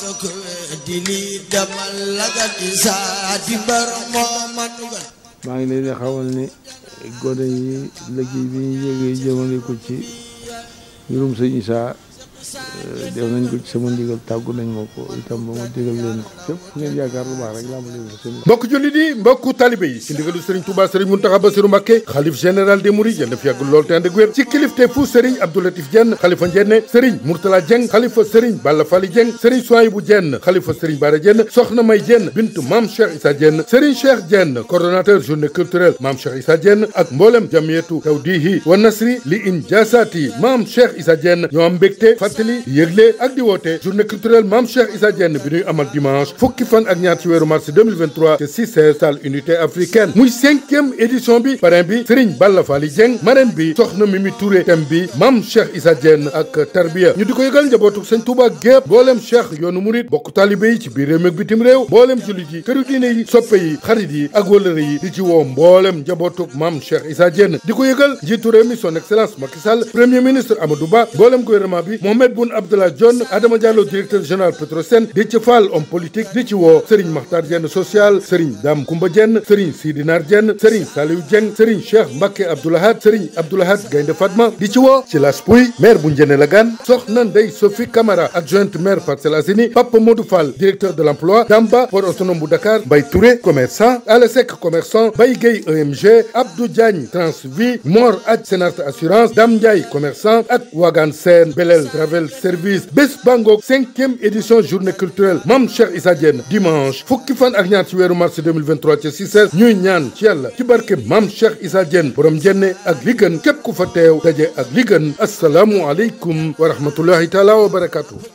so ko weddi lii demal lagati saa di mbar ma dugal maa ngi leen di xawal ni gone yi liggéey bi ñu yëgee jëmale ko ci mbirum sëñ Isaa Euh, def nañ ko sama ndigal tàgg nañ ma ko itam ba ma digal leen ko fépp fu ngeen rek mbokk jullit yi mbokku talibé yi si ndigalu sëriñ Touba sëriñ Mountakha Bassirou Mbacké xalif général des Mourides yal na fi yàgg lool te ànd ak wér ci kilifte fu sëriñ Abdou Latif Diène xalifa Ndiène sëriñ Mourtala Dieng xalifa sëriñ Balla Fally Dieng sëriñ Souhaïbou Diène xalifa sëriñ Bara Diène soxna May Diène bint maam Cheikh Issa Diène sëriñ Cheikh Diène coordonnateur journée culturelle Mame Cheikh Issa Diène ak mboolem jamiyatu tawdihi wa nasri li injasati Mame Cheikh Issa Diène ñoo am fàttali yëgle ak di woote journée culturelle Mame Cheikh Issa Diène bi ñuy amal dimanche fukki fan ak ñaar ci weeru mars 2023 te 6 salle unité africaine muy cinquième édition bi parrain bi Serigne Balla Fally Dieng marraine bi Soxna Mimi Touré thème bi Mame Cheikh Issa Diène ak tarbiya ñu di ko yëgal njabootu Sëñ Touba gépp mboolem Cheikh yoonu murit bokk taalibe yi ci biir réew ak bitim réew mboolem jullit yi këru diine yi soppe yi xarit yi ak wëllëre yi di njabootu Mame Cheikh Issa Diène ko yëgal njiitu réew mi son excellence Macky Sall premier bi Mohamed Boun Abdallah Dionne Adama Diallo directeur général Petrosen Déthié Fall homme politique di ci woo Serigne Makhtar Diène social Serigne Dame Koumba Diène Serigne Sidi Nar Diène Serigne Saliou Dieng Serigne Cheikh Mbacké Abdoulahad Serigne Gaynde Fatma di ci woo ci las maire bu Ndiéné Lagane Soxna Ndeye Sophie Camara adjointe maire Parcelles Assainies Papa Modou Fall directeur de l'emploi Damba port autonome bu Dakar Mbaye Touré commerçant Alasek commerçant Baye Gueye EMG Travel Service bés bangoog cinquième édition journée culturelle Mame Cheikh Issa Diène dimanche fukki fan ak ñaar ci weeru mars 2023 ci 6 ñuy ñaan ci yàlla ci barke Mame Cheikh Issa Diène borom jenne ak li gën képp ku fa teew daje ak li gën asalaamualeykum wa rahmatullahi taala wa barakatu